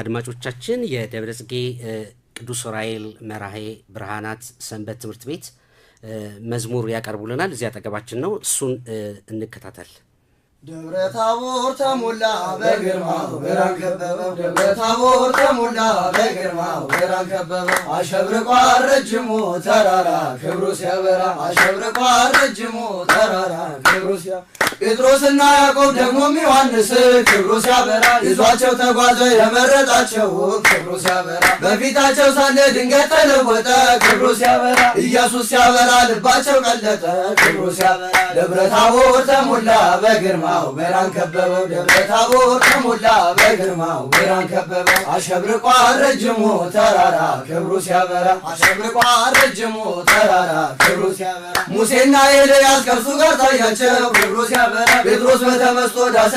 አድማጮቻችን የደብረጽጌ ቅዱስ ዑራኤል መራሄ ብርሃናት ሰንበት ትምህርት ቤት መዝሙር ያቀርቡልናል። እዚህ አጠገባችን ነው። እሱን እንከታተል። ደብረ ታቦር ተሞላ በግርማው ብርሃን ከበበው። ደብረ ታቦር ተሞላ በግርማው ብርሃን ከበበው። አሸብርቋል ረጅሙ ተራራ ክብሩ ሲያበራ አሸብርቋል ረጅሙ ተራራ ክብሩ ሲያ ጴጥሮስና ያዕቆብ ደግሞም ዮሐንስ ክብሩ ሲያበራ ይዟቸው ተጓዘ የመረጣቸው ክብሩ ሲያበራ በፊታቸው ሳለ ድንገት ተለወጠ ክብሩ ሲያበራ ኢየሱስ ሲያበራ ልባቸው ቀለጠ ክብሩ ሲያበራ ደብረ ታቦር ተሞላ በግርማ በግርማው በራን ከበበው ደብረ ታቦር ከሞላ በግርማው በራን ከበበው አሸብርቋል ረጅሙ ተራራ ክብሩ ሲያበራ አሸብርቋል ረጅሙ ተራራ ክብሩ ሲያበራ ሙሴና ኤልያስ ከእርሱ ጋር ታያቸው ክብሩ ሲያበራ ጴጥሮስ በተመስጦ ዳስ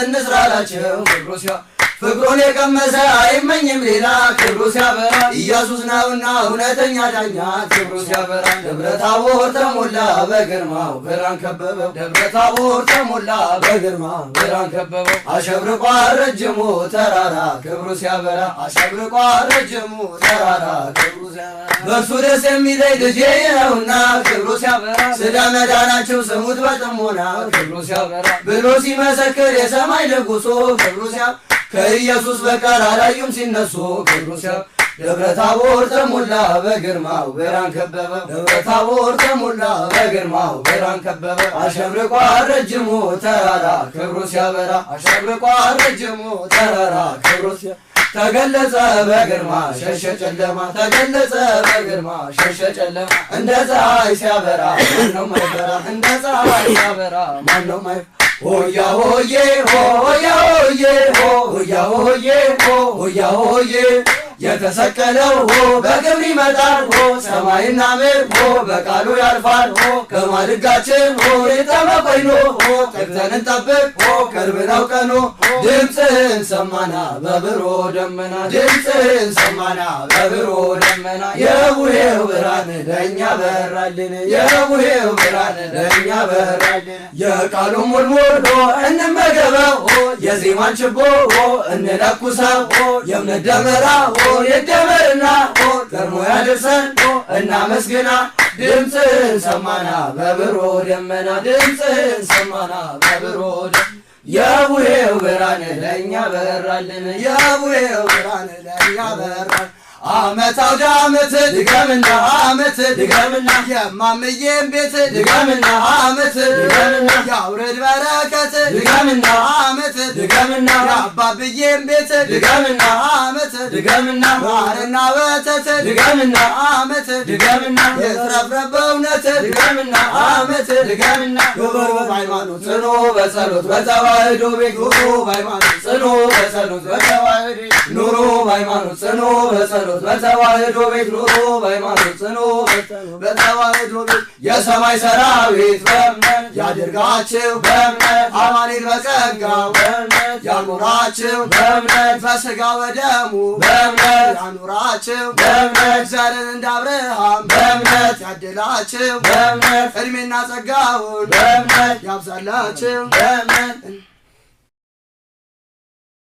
ክብሩ ሲያ ፍቅሩን የቀመሰ አይመኝም ሌላ ክብሩ ሲያበራ ኢየሱስ ነውና እውነተኛ ዳኛ ክብሩ ሲያበራ ደብረ ታቦር ተሞላ በግርማው ብራን ከበበው ደብረ ታቦር ተሞላ በግርማው ብራን ከበበው አሸብርቋ ረጅሙ ተራራ ክብሩ ሲያበራ አሸብርቋ ረጅሙ ተራራ ክብሩ ሲያበራ በእርሱ ደስ የሚለኝ ልጄ ነውና ክብሩ ሲያበራ ስለ መዳናቸው ስሙት በጥሞና ክብሩ ሲያበራ ብሎ ሲመሰክር የሰማይ ንጉሶ ክብሩ ሲያበራ ከኢየሱስ በቀር አላዩም ሲነሱ ክብሩ ሲያው ደብረ ታቦር ተሞላ በግርማው ብራን ከበበ ደብረ ታቦር ተሞላ በግርማው ብራን ከበበ አሸብርቆ ረጅሙ ተራራ ክብሩ ሲያበራ አሸብርቆ ረጅሙ ተራራ ክብሩ ሲያ ተገለጸ በግርማ ሸሸ ጨለማ ተገለጸ በግርማ ሸሸ ጨለማ እንደ ፀሐይ ሲያበራ ማነው ማይበራ እንደ ፀሐይ ሲያበራ ማነው ማይ ሆያ ሆዬ ሆያ ሆዬ 夜，我有夜。የተሰቀለው ሆ በግብር ይመጣል ሆ ሰማይና ምድር ሆ በቃሉ ያልፋል ሆ ከማድጋችን ሆ የጠመቆይኖ ሆ ተግተን እንጠብቅ ሆ ቅርብ ነው ቀኑ ድምፅህን ሰማና በብሮ ደመና ድምፅህን ሰማና በብሮ ደመና የቡሄው ብርሃን ለእኛ በራልን የቡሄው ብርሃን ለእኛ በራልን የቃሉን ሙልሙሎ እንመገበው ሆ የዜማን ችቦ ሆ እንለኩሰው ሆ የምንደመራ ሆ ይደመርና ከርሞ ያደርሰን እናመስግና ድምፅህን ሰማና በብሮ ደመና ድምፅህን ሰማና በብሮ የቡሄው ብርሃን ለእኛ በራልን የቡሄው ብርሃን ለእኛ በራል አመት አውደ አመት ድገምና አመት ድገምና የማምዬን ቤት ድገምና አመት ድገምና ያውረድ በረከት ድገምና አመት ድገምና አባብዬም ቤት ድገምና አመት ድገምና ማርና ወተት ድገምና አመት ድገምና የትረፍረፍ በእውነት ድገምና አመት ድገምና ግብሩ በሃይማኖት ጽኑ በጸሎት በተዋህዶ ቤት ግብሩ በሃይማኖት ጽኑ በጸሎት በተዋህዶ ኑሩ በሃይማኖት ጽኑ በጸሎት በተዋህዶ ቤት ኑሩ በሃይማኖት ጽኑ በተዋህዶ ቤት የሰማይ ሰራዊት በእምነት ያድርጋችሁ በእምነት አማኒን በጸጋ በእምነት ያኑራችሁ በእምነት በስጋ በደሙ በእምነት ያኑራችሁ በእምነት ዘርን እንደ አብርሃም በእምነት ያድላችሁ በእምነት እድሜና ጸጋውን በእምነት ያብዛላችሁ በእምነት